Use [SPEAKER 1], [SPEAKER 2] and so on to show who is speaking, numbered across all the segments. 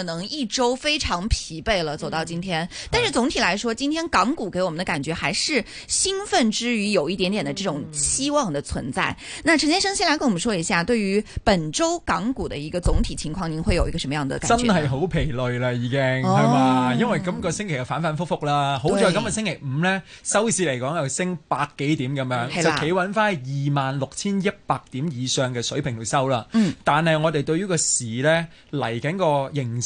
[SPEAKER 1] 可能一周非常疲憊了，走到今天。但是總體來說，今天港股給我們的感覺還是興奮之餘，有一點點的這種希望的存在。那陳先生先來跟我們說一下，對於本周港股的一個總體情況，您會有一個什麼樣的感覺？真係
[SPEAKER 2] 好疲累啦，已經係嘛、哦？因為今個星期又反反复复啦。對好在今日星期五咧，收市嚟講又升百幾點咁樣，啦就企穩翻二萬六千一百點以上嘅水平去收啦。嗯。但係我哋對於個市咧嚟緊個形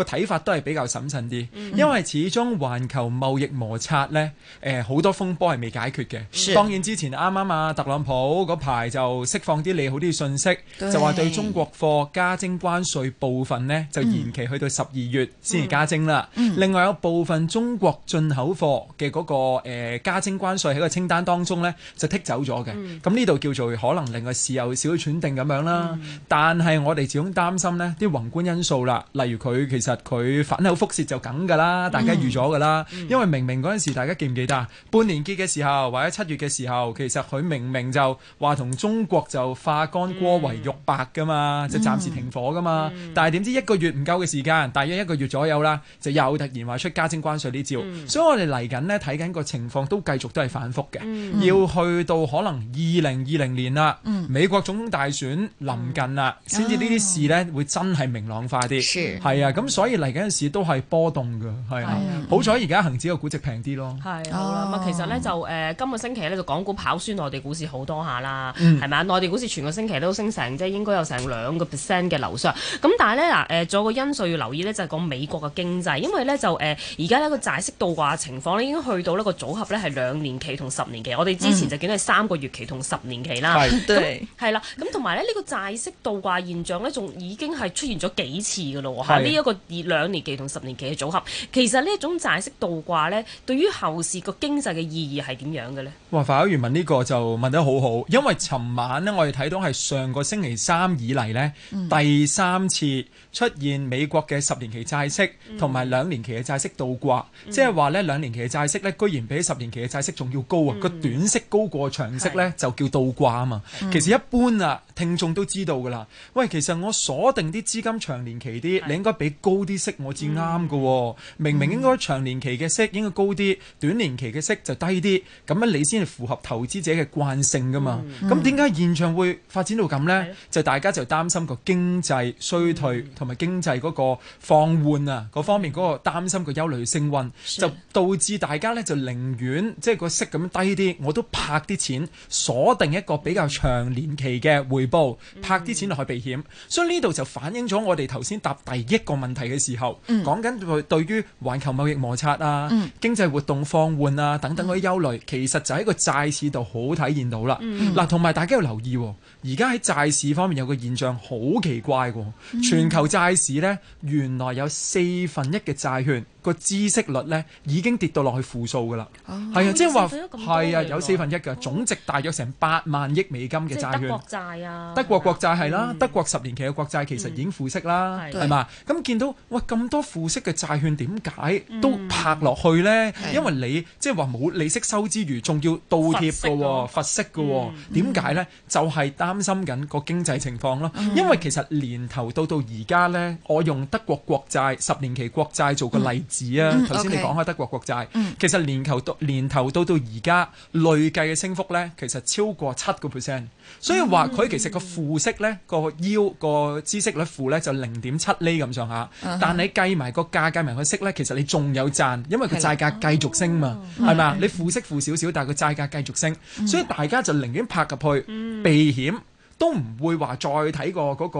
[SPEAKER 2] 個睇法都係比較審慎啲，因為始終環球貿易摩擦呢，呃、好多風波係未解決嘅。是當然之前啱啱啊，特朗普嗰排就釋放啲利好啲信息，對就話對中國貨加徵關稅部分呢，就延期去到十二月先至加徵啦。嗯嗯、另外有部分中國進口貨嘅嗰、嗰個、呃、加徵關稅喺個清單當中呢，就剔走咗嘅。咁呢度叫做可能令個市有少少喘定咁樣啦。嗯、但係我哋始終擔心呢啲宏觀因素啦，例如佢其實。佢反口覆舌就梗噶啦，大家預咗噶啦。因為明明嗰陣時，大家記唔記得半年結嘅時候或者七月嘅時候，其實佢明明就話同中國就化干戈為玉帛噶嘛，就係暫時停火噶嘛。但係點知一個月唔夠嘅時間，大約一個月左右啦，就又突然話出加徵關稅呢招。所以我哋嚟緊呢，睇緊個情況都繼續都係反覆嘅，要去到可能二零二零年啦，美國總統大選臨近啦，先至呢啲事呢會真係明朗化啲。係啊，咁。所以嚟緊嗰陣時都係波動嘅，係啊，啊，啊，好彩而家恒指嘅估值平啲咯。係，好
[SPEAKER 3] 啦。咁其實咧就誒、呃，今個星期咧就港股跑輸內地股市好多下啦，係咪啊？內地股市全個星期都升成，即係應該有成兩個 percent 嘅樓上。咁但係咧嗱誒，仲有個因素要留意咧，就係、是、講美國嘅經濟，因為咧就誒，而、呃、家呢個債息倒掛情況咧已經去到呢個組合咧係兩年期同十年期。我哋之前就見到係三個月期同十年期啦，係、嗯，啦。咁同埋咧呢、這個債息倒掛現象咧，仲已經係出現咗幾次噶咯喎，呢一、啊這個。二兩年期同十年期嘅組合，其實呢種種債息倒掛呢，對於後市個經濟嘅意義係點樣嘅呢？
[SPEAKER 2] 哇！法官如問呢個就問得好好，因為尋晚呢，我哋睇到係上個星期三以嚟呢，嗯、第三次出現美國嘅十年期債息同埋兩年期嘅債息倒掛，即係話呢，兩年期嘅債息呢，居然比十年期嘅債息仲要高啊！個、嗯、短息高過長息呢，是就叫倒掛啊嘛。是其實一般啊，聽眾都知道㗎啦。喂，其實我鎖定啲資金長年期啲，你應該俾高。高啲息我至啱嘅，嗯、明明應該長年期嘅息應該高啲，嗯、短年期嘅息就低啲，咁你先係符合投資者嘅慣性噶嘛？咁點解現場會發展到咁咧？的就大家就擔心個經濟衰退同埋、嗯、經濟嗰個放緩啊，嗯、嗰方面嗰個擔心個憂慮升溫，的就導致大家咧就寧願即係個息咁低啲，我都拍啲錢鎖定一個比較長年期嘅回報，拍啲錢落去避險，嗯、所以呢度就反映咗我哋頭先答第一個問題。係嘅時候，講緊、嗯、對對於環球貿易摩擦啊、嗯、經濟活動放緩啊等等嗰啲憂慮，嗯、其實就喺個債市度好、好體現到啦。嗱、嗯，同埋、啊、大家要留意，而家喺債市方面有個現象好奇怪喎。全球債市呢，原來有四分一嘅債券。個孳息率呢已經跌到落去負數㗎啦，係啊，即係話係啊，有四分一㗎，總值大約成八萬億美金嘅債券，德國
[SPEAKER 3] 債啊，德
[SPEAKER 2] 國國債係啦，德國十年期嘅國債其實已經負息啦，係嘛？咁見到喂咁多負息嘅債券點解都拍落去呢？因為你即係話冇利息收之餘，仲要倒貼㗎喎，罰息㗎喎，點解呢？就係擔心緊個經濟情況啦，因為其實年頭到到而家呢，我用德國國債十年期國債做個例。指啊，頭先、嗯、你講開德國國債，嗯 okay, 嗯、其實年頭到年頭到到而家累計嘅升幅咧，其實超過七個 percent，所以話佢其實個負息咧、嗯，個腰個知息率負咧就零點七厘咁上下，啊、但你計埋個價，的計埋個息咧，其實你仲有賺，因為佢債價繼續升嘛，係咪啊？哦、吧的你負息負少少，但係佢債價繼續升，所以大家就寧願拍入去、嗯、避險。都唔會話再睇過嗰個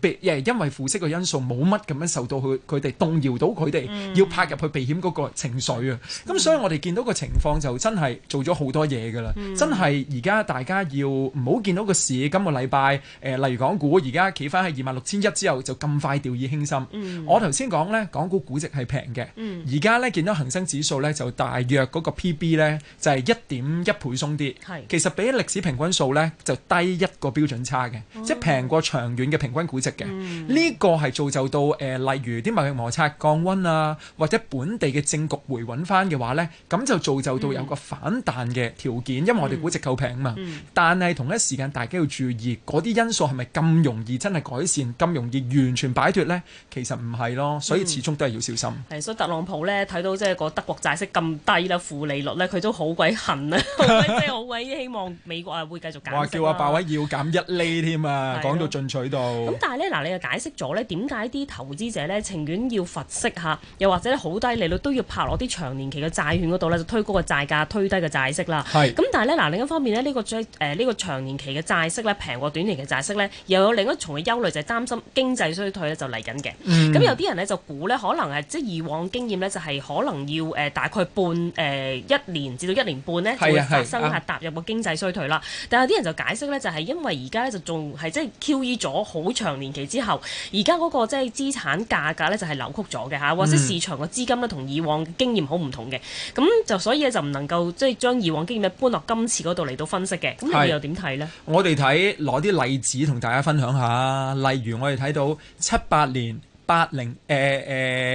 [SPEAKER 2] 別，誒，因為負息嘅因素冇乜咁樣受到佢佢哋動搖到佢哋要拍入去避險嗰個情緒啊！咁所以我哋見到個情況就真係做咗好多嘢噶啦，真係而家大家要唔好見到個市今個禮拜誒，例如港股而家企翻喺二萬六千一之後就咁快掉以輕心。我頭先講呢，港股估值係平嘅，而家呢見到恆生指數呢就大約嗰個 PB 呢就係一點一倍鬆啲，其實比歷史平均數呢就低一個標準差嘅，即係平過長遠嘅平均估值嘅。呢個係造就到誒，例如啲貿易摩擦降温啊，或者本地嘅政局回穩翻嘅話咧，咁就造就到有個反彈嘅條件，因為我哋估值夠平啊嘛，但係同一時間大家要注意，嗰啲因素係咪咁容易真係改善，咁容易完全擺脫咧？其實唔係咯，所以始終都係要小心。
[SPEAKER 3] 係，所以特朗普咧睇到即係個德國債息咁低啦，負利率
[SPEAKER 2] 咧，佢都好鬼恨啊，即
[SPEAKER 3] 係好鬼希望美國啊會繼續減。哇，叫阿八位
[SPEAKER 2] 要減一。呢添啊，講的到進取到。咁、嗯、但
[SPEAKER 3] 係咧，嗱，你又解釋咗咧，點解啲投資者咧情願要浮息嚇，又或者好低利率都要拍落啲長年期嘅債券嗰度咧，就推高個債價，推低個債息啦。咁是的 但係咧，嗱，另一方面咧，呢、這個即呢、呃這個長年期嘅債息咧平過短年期嘅債息咧，又有另一重嘅憂慮就係、是、擔心經濟衰退咧就嚟緊嘅。咁、嗯、有啲人咧就估咧，可能係即係以往經驗咧，就係、是、可能要誒、呃、大概半誒、呃、一年至到一年半咧就會發生嚇，踏入個經濟衰退啦。係啊係。但係有啲人就解釋咧，就係、是、因為而家，就仲係即係 QE 咗好長年期之後，而家嗰個即係資產價格咧就係扭曲咗嘅吓，嗯、或者市場嘅資金咧同以、就是、以往經驗好唔同嘅，咁就所以咧就唔能夠即係將以往經驗咧搬落今次嗰度嚟到分析嘅，咁你又點睇呢？
[SPEAKER 2] 我哋睇攞啲例子同大家分享下，例如我哋睇到七八年。八零誒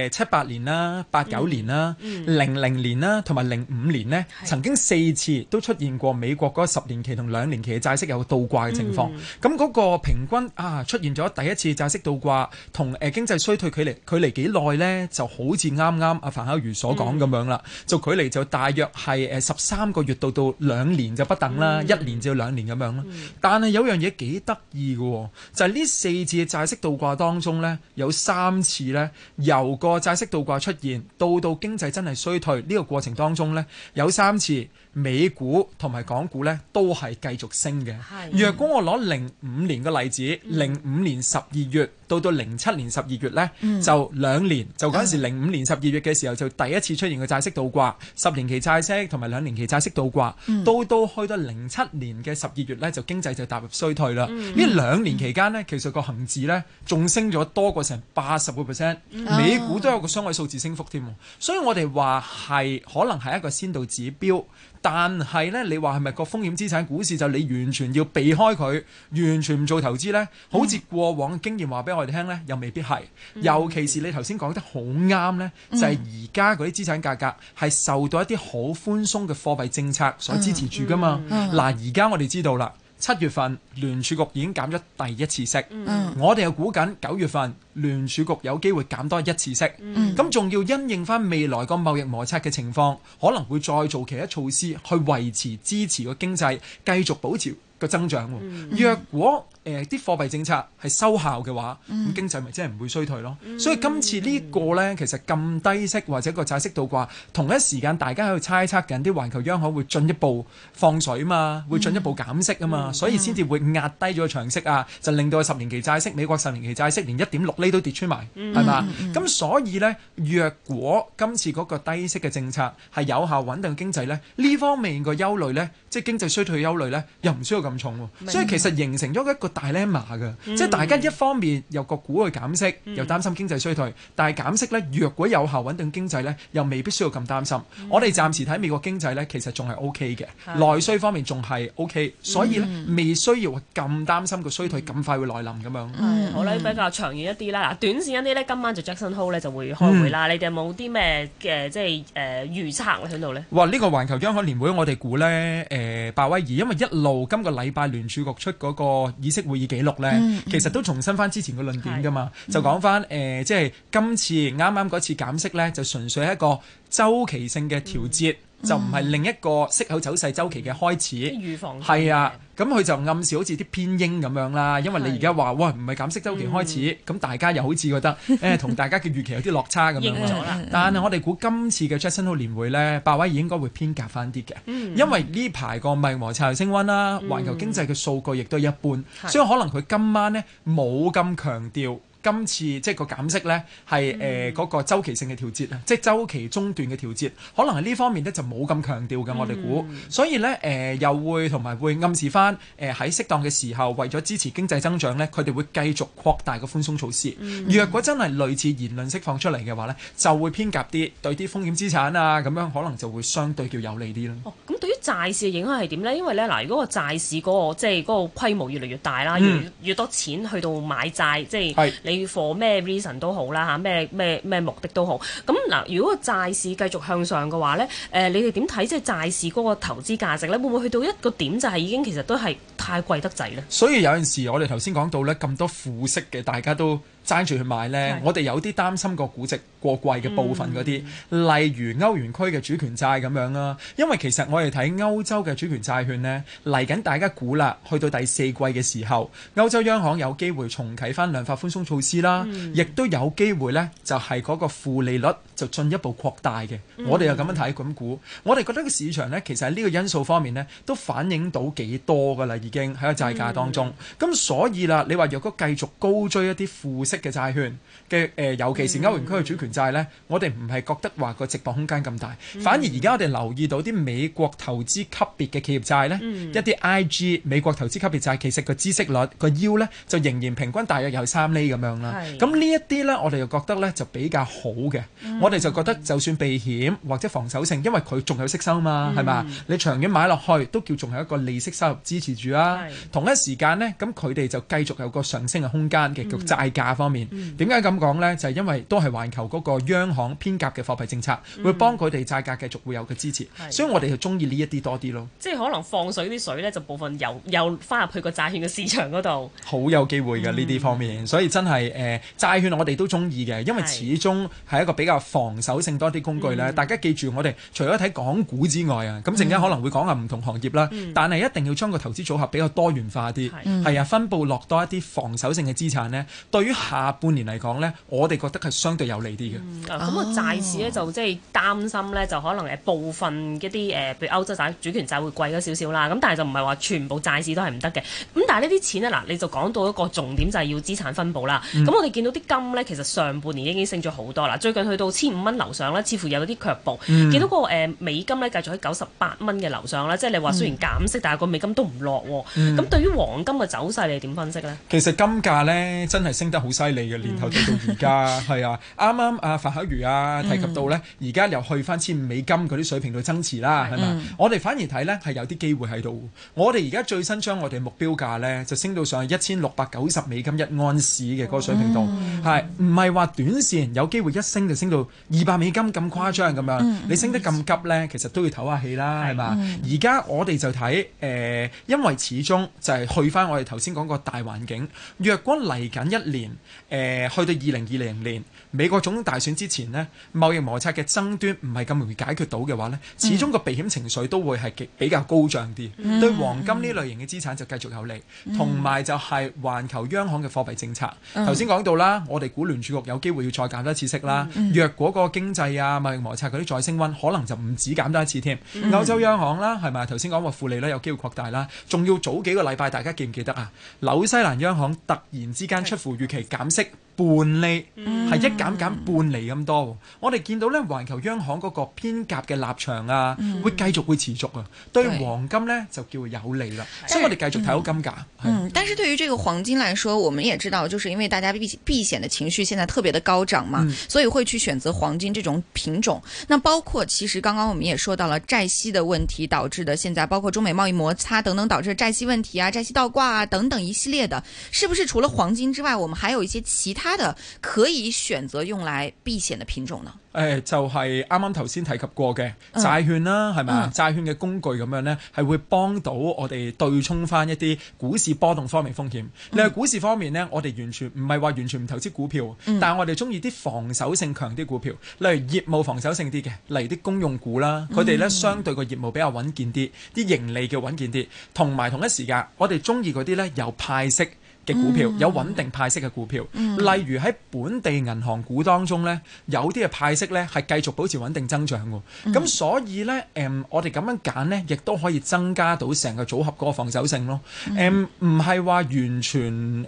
[SPEAKER 2] 誒七八年啦，八九年啦，零零年啦，同埋零五年咧，曾經四次都出現過美國嗰十年期同兩年期嘅債息有倒掛嘅情況。咁嗰個平均啊，出現咗第一次債息倒掛，同誒經濟衰退距離距離幾耐咧？就好似啱啱阿樊巧如所講咁樣啦，就距離就大約係誒十三個月到到兩年就不等啦，一年至兩年咁樣啦。但係有樣嘢幾得意嘅喎，就係呢四次嘅債息倒掛當中咧，有三。三次呢，由個債息倒掛出現，到到經濟真係衰退呢個過程當中呢，有三次。美股同埋港股呢都係繼續升嘅。的若果我攞零五年嘅例子，零五、嗯、年十二月到到零七年十二月呢，嗯、就兩年，就嗰陣時零五年十二月嘅時候就第一次出現個債息倒掛，十年期債息同埋兩年期債息倒掛，嗯、到到去到零七年嘅十二月呢，就經濟就踏入衰退啦。呢兩、嗯、年期間呢，嗯、其實個恆指呢仲升咗多過成八十個 percent，美股都有個雙位數字升幅添。嗯、是的所以我哋話係可能係一個先導指標。但係呢，你話係咪個風險資產股市就你完全要避開佢，完全唔做投資呢？好似過往經驗話俾我哋聽呢，又未必係。尤其是你頭先講得好啱呢，就係而家嗰啲資產價格係受到一啲好寬鬆嘅貨幣政策所支持住㗎嘛。嗱，而家我哋知道啦。七月份聯儲局已經減咗第一次息，嗯、我哋又估緊九月份聯儲局有機會減多一次息，咁仲、嗯、要因應翻未來個貿易摩擦嘅情況，可能會再做其他措施去維持支持個經濟繼續保持。個增長喎，若果誒啲貨幣政策係收效嘅話，咁經濟咪真係唔會衰退咯。所以今次呢個咧，其實咁低息或者個債息倒掛，同一時間大家喺度猜測緊啲環球央行會進一步放水啊嘛，會進一步減息啊嘛，所以先至會壓低咗個長息啊，就令到個十年期債息、美國十年期債息連一點六釐都跌穿埋，係嘛？咁所以咧，若果今次嗰個低息嘅政策係有效穩定經濟咧，呢方面個憂慮咧。即係經濟衰退憂慮咧，又唔需要咁重、啊，白所以其實形成咗一個大 l e m 嘅，嗯、即係大家一方面由個股去減息，嗯、又擔心經濟衰退，但係減息咧若果有效穩定經濟咧，又未必需要咁擔心。嗯、我哋暫時睇美國經濟咧，其實仲係 O K 嘅，的內需方面仲係 O K，所以咧、嗯、未需要咁擔心個衰退咁快會來臨咁樣。嗯、好啦，比較
[SPEAKER 3] 長遠一啲啦，嗱短線一啲咧，今晚就 Jackson Hole 咧就會開會啦。嗯、你哋有冇啲咩嘅即係誒預測喺度咧？
[SPEAKER 2] 哇！呢、這個全球央行年會我哋估咧誒。呃誒，鮑威爾，因為一路今個禮拜聯儲局出嗰個議息會議記錄呢，嗯嗯、其實都重新翻之前嘅論點㗎嘛，嗯、就講翻誒，即係今次啱啱嗰次減息呢，就純粹係一個周期性嘅調節。嗯就唔係另一個息口走勢周期嘅開始，預防係啊。咁佢就暗示好似啲偏鷹咁樣啦。因為你而家話喂唔係減息周期開始，咁、嗯、大家又好似覺得、 哎、同大家嘅預期有啲落差咁樣。嗯、但係我哋估今次嘅 Jackson Hole 年會呢，鮑威應該會偏鴿翻啲嘅，嗯、因為呢排個米和柴升溫啦，環球經濟嘅數據亦都一般，嗯、所以可能佢今晚呢冇咁強調。今次即係、就是、個減息呢，係誒嗰個週期性嘅調節啊，嗯、即係周期中段嘅調節，可能係呢方面呢，就冇咁強調嘅。嗯、我哋估，所以呢，呃、又會同埋會暗示翻誒喺適當嘅時候，為咗支持經濟增長呢，佢哋會繼續擴大個寬鬆措施。嗯、若果真係類似言論釋放出嚟嘅話呢，就會偏夾啲對啲風險資產啊咁樣，可能就會相對叫有利啲咯。
[SPEAKER 3] 咁、哦、對於債市嘅影響係點呢？因為呢，嗱，如果個債市嗰、那個即係嗰個規模越嚟越大啦，越、嗯、越多錢去到買債，即、就、係、是、你是。期貨咩 reason 都好啦嚇，咩咩咩目的都好。咁嗱，如果債市繼續向上嘅話呢，誒，你哋點睇即係債市嗰個投資價值呢？會唔會去到一個點就係已經其實都係？太貴得滯咧，
[SPEAKER 2] 所以有陣時我哋頭先講到咧咁多負息嘅，大家都爭住去買呢。是我哋有啲擔心個估值過貴嘅部分嗰啲，嗯、例如歐元區嘅主權債咁樣啦。因為其實我哋睇歐洲嘅主權債券呢，嚟緊，大家估啦，去到第四季嘅時候，歐洲央行有機會重啟翻量化寬鬆措施啦，亦、嗯、都有機會呢，就係嗰個負利率。就進一步擴大嘅，我哋又咁樣睇咁估，我哋覺得個市場呢，其實喺呢個因素方面呢，都反映到幾多㗎啦，已經喺個債價當中。咁所以啦，你話若果繼續高追一啲負息嘅債券嘅誒，尤其是歐元區嘅主權債呢，我哋唔係覺得話個直落空間咁大，反而而家我哋留意到啲美國投資級別嘅企業債呢，一啲 IG 美國投資級別債，其實個孳息率個 U 呢，就仍然平均大約有三厘咁樣啦。咁呢一啲呢，我哋又覺得呢就比較好嘅。我哋就覺得，就算避險或者防守性，因為佢仲有息收嘛，係嘛、嗯？你長遠買落去都叫仲係一個利息收入支持住啊。是同一時間呢，咁佢哋就繼續有一個上升嘅空間嘅叫債價方面。點解咁講呢？就係、是、因為都係環球嗰個央行偏鴿嘅貨幣政策，會幫佢哋債價繼續會有嘅支持。嗯、所以我哋就中意呢一啲多啲咯。即係、
[SPEAKER 3] 就是、可能放水啲水呢，就部分又又翻入去個債券嘅市場嗰
[SPEAKER 2] 度。好有機會㗎呢啲方面，所以真係誒、呃、債券我哋都中意嘅，因為始終係一個比較。防守性多啲工具咧，嗯、大家記住，我哋除咗睇港股之外啊，咁陣間可能會講下唔同行業啦。嗯、但係一定要將個投資組合比較多元化啲，係、嗯、啊，分佈落多一啲防守性嘅資產呢，對於下半年嚟講呢，我哋覺得係相對有利啲嘅。咁個債市
[SPEAKER 3] 呢，就即係擔心呢，就可能誒部分一啲誒，譬如歐洲債主權債會貴咗少少啦。咁但係就唔係話全部債市都係唔得嘅。咁但係呢啲錢呢，嗱，你就講到一個重點，就係要資產分佈啦。咁、嗯、我哋見到啲金呢，其實上半年已經升咗好多啦，最近去到千。千五蚊樓上啦，似乎有啲卻步。見到個誒美金咧，繼續喺九十八蚊嘅樓上啦。即係你話雖然減息，但係個美金都唔落。咁對於黃金嘅走勢，你點分析咧？
[SPEAKER 2] 其實金價咧真係升得好犀利嘅，年頭到到而家係啊！啱啱阿法克如啊提及到咧，而家又去翻千五美金嗰啲水平度增持啦，係嘛？我哋反而睇咧係有啲機會喺度。我哋而家最新將我哋目標價咧就升到上一千六百九十美金一盎司嘅嗰個水平度，係唔係話短線有機會一升就升到二百美金咁誇張咁樣，嗯嗯嗯、你升得咁急呢？嗯、其實都要唞下氣啦，係嘛？而家我哋就睇、呃、因為始終就係去翻我哋頭先講個大環境。若果嚟緊一年、呃、去到二零二零年美國總統大選之前呢，貿易摩擦嘅爭端唔係咁容易解決到嘅話呢，始終個避險情緒都會係比較高漲啲，嗯嗯、對黃金呢類型嘅資產就繼續有利，同埋、嗯嗯、就係環球央行嘅貨幣政策。頭先講到啦，嗯、我哋估聯儲局有機會要再減多一次息啦。嗯嗯、若果嗰個經濟啊，貿易摩擦嗰啲再升溫，可能就唔止減多一次添。嗯、歐洲央行啦，係咪頭先講話負利率有機會擴大啦，仲要早幾個禮拜，大家記唔記得啊？紐西蘭央行突然之間出乎預期減息。半厘係一減減半厘咁多，嗯、我哋見到呢環球央行嗰個偏鴿嘅立場啊，嗯、會繼續會持續啊，對黃金呢，就叫有利啦，對所以我哋繼續睇好金價。嗯，是嗯，
[SPEAKER 1] 但是對於這個黃金來說，我們也知道，就是因為大家避避險的情緒現在特別的高漲嘛，嗯、所以會去選擇黃金這種品種。那包括其實剛剛我們也說到了債息的問題，導致的現在包括中美貿易摩擦等等，導致債息問題啊、債息倒掛啊等等一系列的，是不是除了黃金之外，我們還有一些其他？他的可以選擇用來避險的品種呢？誒、
[SPEAKER 2] 哎，就係啱啱頭先提及過嘅債券啦，係咪啊？債、嗯嗯、券嘅工具咁樣呢，係會幫到我哋對沖翻一啲股市波動方面風險。你喺、嗯、股市方面呢，我哋完全唔係話完全唔投資股票，嗯、但係我哋中意啲防守性強啲股票，例如業務防守性啲嘅，例如啲公用股啦，佢哋呢，相對個業務比較穩健啲，啲盈利嘅穩健啲，同埋同一時間我哋中意嗰啲呢，有派息。嘅股票有穩定派息嘅股票，嗯嗯、例如喺本地銀行股當中呢，有啲嘅派息呢係繼續保持穩定增長嘅。咁、嗯、所以呢，誒、嗯，我哋咁樣揀呢，亦都可以增加到成個組合嗰個防守性咯。誒、嗯，唔係話完全誒唔、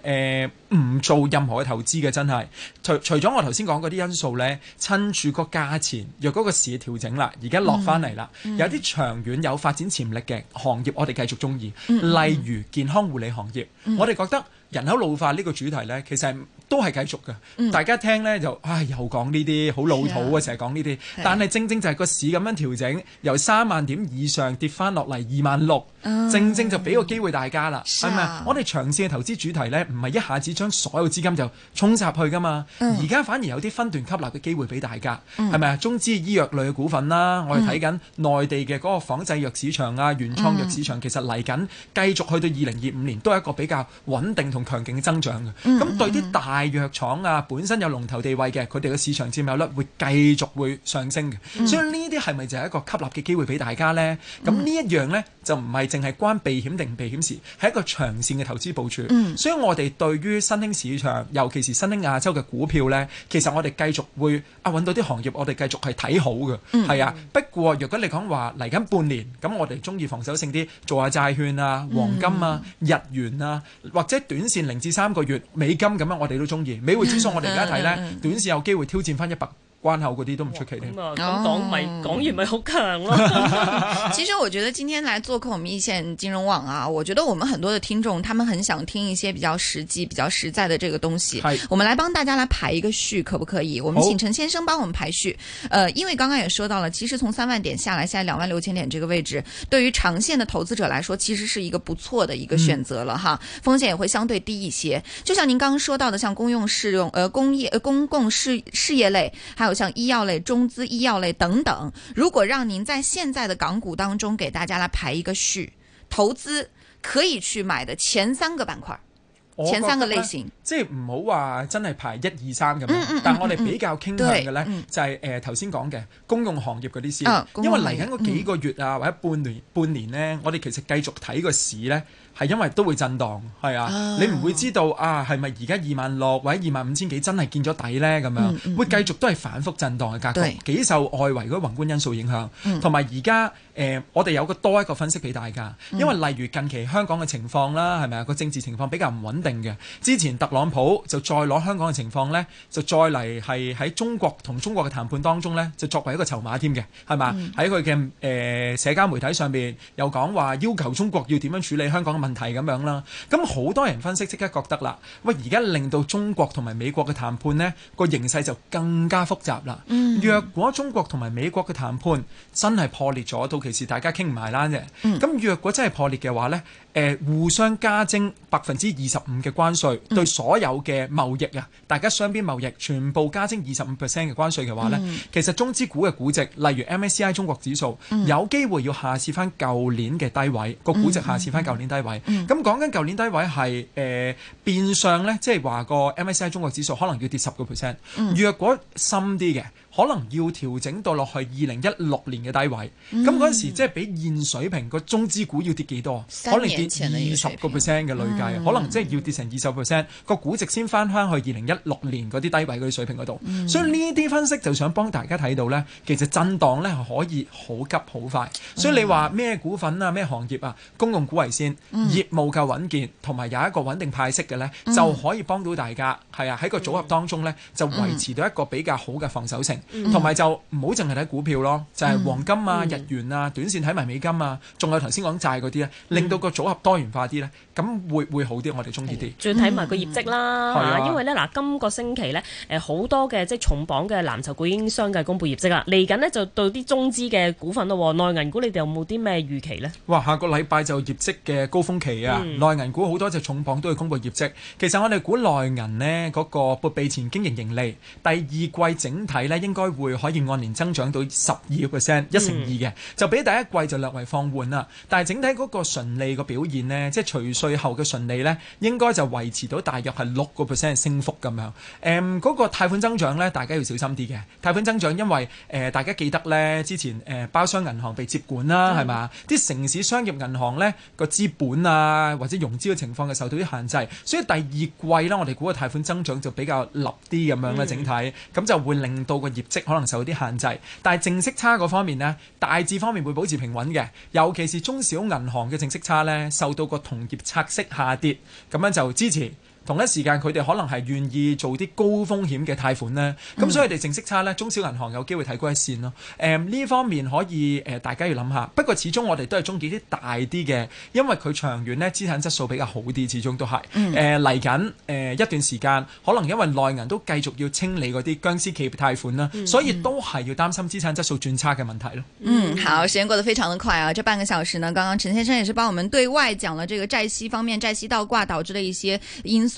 [SPEAKER 2] 呃、做任何嘅投資嘅，真係。除除咗我頭先講嗰啲因素呢，趁住個價錢，若果個市調整啦，而家落翻嚟啦，嗯嗯、有啲長遠有發展潛力嘅行業，我哋繼續鍾意。嗯嗯、例如健康護理行業，嗯、我哋覺得。人口老化呢個主題咧，其實係。都係繼續嘅，大家聽呢，就，唉，又講呢啲好老土啊，成日講呢啲。但係正正就係個市咁樣調整，由三萬點以上跌翻落嚟二萬六，正正就俾個機會大家啦，係咪？我哋長線嘅投資主題呢，唔係一下子將所有資金就衝插去㗎嘛。而家反而有啲分段吸納嘅機會俾大家，係咪啊？中資醫藥類嘅股份啦，我哋睇緊內地嘅嗰個仿製藥市場啊，原創藥市場其實嚟緊繼續去到二零二五年都係一個比較穩定同強勁嘅增長嘅。咁對啲大大藥廠啊，本身有龍頭地位嘅，佢哋嘅市場佔有率會繼續會上升嘅，嗯、所以呢啲係咪就係一個吸納嘅機會俾大家呢？咁呢一樣呢，就唔係淨係關避險定唔避險事，係一個長線嘅投資部署。嗯、所以我哋對於新興市場，尤其是新興亞洲嘅股票呢，其實我哋繼續會啊揾到啲行業，我哋繼續係睇好嘅，係、嗯、啊。嗯、不過如果你講話嚟緊半年，咁我哋中意防守性啲，做下債券啊、黃金啊、嗯、日元啊，或者短線零至三個月美金咁樣，我哋都。中意美匯指數，我哋而家睇咧，短線有機會挑戰翻一百。關口嗰啲都唔出奇添，講講咪
[SPEAKER 3] 講完咪好強咯。啊
[SPEAKER 1] 嗯哦、其實我覺得今天來做客，我們一線金融網啊，我覺得我們很多的聽眾，他們很想聽一些比較實際、比較實在的這個東西。是我們來幫大家來排一個序，可不可以？我們請陳先生幫我們排序。好呃，因為剛剛也說到了，其實從三萬點下來，現在兩萬六千點這個位置，對於長線的投資者來說，其實是一個不錯的一個選擇了、嗯、哈，風險也會相對低一些。就像您剛剛說到的，像公用適用、呃工業呃、公共事事業類，還有。有像醫藥類、中資醫藥類等等。如果讓您在現在的港股當中給大家來排一個序，投資可以去買的前三個板塊，前三個類型，
[SPEAKER 2] 即係唔好話真係排一二三咁樣。嗯嗯、但我哋比較傾向嘅咧，嗯、就係誒頭先講嘅公用行業嗰啲先，哦、因為嚟緊嗰幾個月啊、嗯、或者半年、嗯、半年咧，我哋其實繼續睇個市咧。係因為都會震盪，係啊，oh. 你唔會知道啊，係咪而家二萬六或者二萬五千幾真係見咗底呢？咁樣、mm hmm. 會繼續都係反覆震盪嘅格局，幾對受外圍嘅宏觀因素影響，同埋而家誒，我哋有個多一個分析俾大家，因為例如近期香港嘅情況啦，係咪啊個政治情況比較唔穩定嘅？之前特朗普就再攞香港嘅情況呢，就再嚟係喺中國同中國嘅談判當中呢，就作為一個籌碼添嘅，係嘛？喺佢嘅社交媒體上面又講話要求中國要點樣處理香港嘅問題咁樣啦，咁好多人分析，即刻覺得啦，喂，而家令到中國同埋美國嘅談判呢，個形勢就更加複雜啦。嗯、若果中國同埋美國嘅談判真係破裂咗，到其時大家傾唔埋啦啫。咁、嗯、若果真係破裂嘅話呢？誒互相加徵百分之二十五嘅關稅，對所有嘅貿易啊，大家雙邊貿易全部加徵二十五 percent 嘅關稅嘅話呢、嗯、其實中資股嘅估值，例如 MSCI 中國指數，嗯、有機會要下試翻舊年嘅低位，個估值下試翻舊年低位。咁講緊舊年低位係誒、呃、變相呢，即、就、係、是、話個 MSCI 中國指數可能要跌十個 percent，若果深啲嘅。可能要調整到落去二零一六年嘅低位，咁嗰陣時即係比現水平個中資股要跌幾多？可能跌二十個 percent 嘅累計，嗯、可能即係要跌成二十 percent，個估值先翻返去二零一六年嗰啲低位嗰啲水平嗰度。嗯、所以呢啲分析就想幫大家睇到呢，其實震盪呢可以好急好快。嗯、所以你話咩股份啊、咩行業啊、公共股為先，嗯、業務夠穩健，同埋有一個穩定派息嘅呢，嗯、就可以幫到大家。係啊，喺個組合當中呢，就維持到一個比較好嘅防守性。嗯嗯。同埋就唔好淨係睇股票咯，就係黃金啊、日元啊、短線睇埋美金啊，仲有頭先講債嗰啲咧，令到個組合多元化啲咧，咁會會好啲，我哋中意啲。仲要睇埋個業
[SPEAKER 3] 績啦，嚇，因為咧嗱，今個星期咧誒好多嘅即係重磅嘅藍籌股已經相繼公布業績啦，嚟緊咧就到啲中資嘅股份咯，內銀股你哋有冇啲
[SPEAKER 2] 咩預期咧？哇，下個禮拜就業績嘅高峯期啊，內銀股好多隻重磅都要公布業績。其實我哋估內銀咧嗰個撥備前經營盈利第二季整體咧應。應該會可以按年增長到十二個 percent 一成二嘅，就比第一季就略為放緩啦。但係整體嗰個純利個表現呢，即係除稅後嘅純利呢，應該就維持到大約係六個 percent 嘅升幅咁樣。誒、嗯、嗰，那個貸款增長呢，大家要小心啲嘅。貸款增長因為誒、呃，大家記得呢，之前誒、呃、包商銀行被接管啦，係嘛、嗯？啲城市商業銀行呢個資本啊或者融資嘅情況嘅受到啲限制，所以第二季呢，我哋估個貸款增長就比較立啲咁樣嘅，嗯、整體咁就會令到個。業績可能受到啲限制，但係淨息差嗰方面呢，大致方面會保持平穩嘅，尤其是中小銀行嘅淨息差呢，受到個同業拆息下跌，咁樣就支持。同一時間佢哋可能係願意做啲高風險嘅貸款、嗯、呢。咁所以佢哋淨息差呢，中小銀行有機會睇高一線咯。誒、嗯、呢方面可以誒、呃、大家要諗下，不過始終我哋都係中意啲大啲嘅，因為佢長遠呢，資產質素比較好啲，始終都係嚟緊一段時間，可能因為內銀都繼續要清理嗰啲僵屍企業貸款啦，嗯、所以都係要擔心資產質素轉差嘅問題咯。
[SPEAKER 1] 嗯，好，時間過得非常之快啊！這半個小時呢，剛剛陳先生也是幫我們對外講了這個債息方面，債息倒掛導致的一些因素。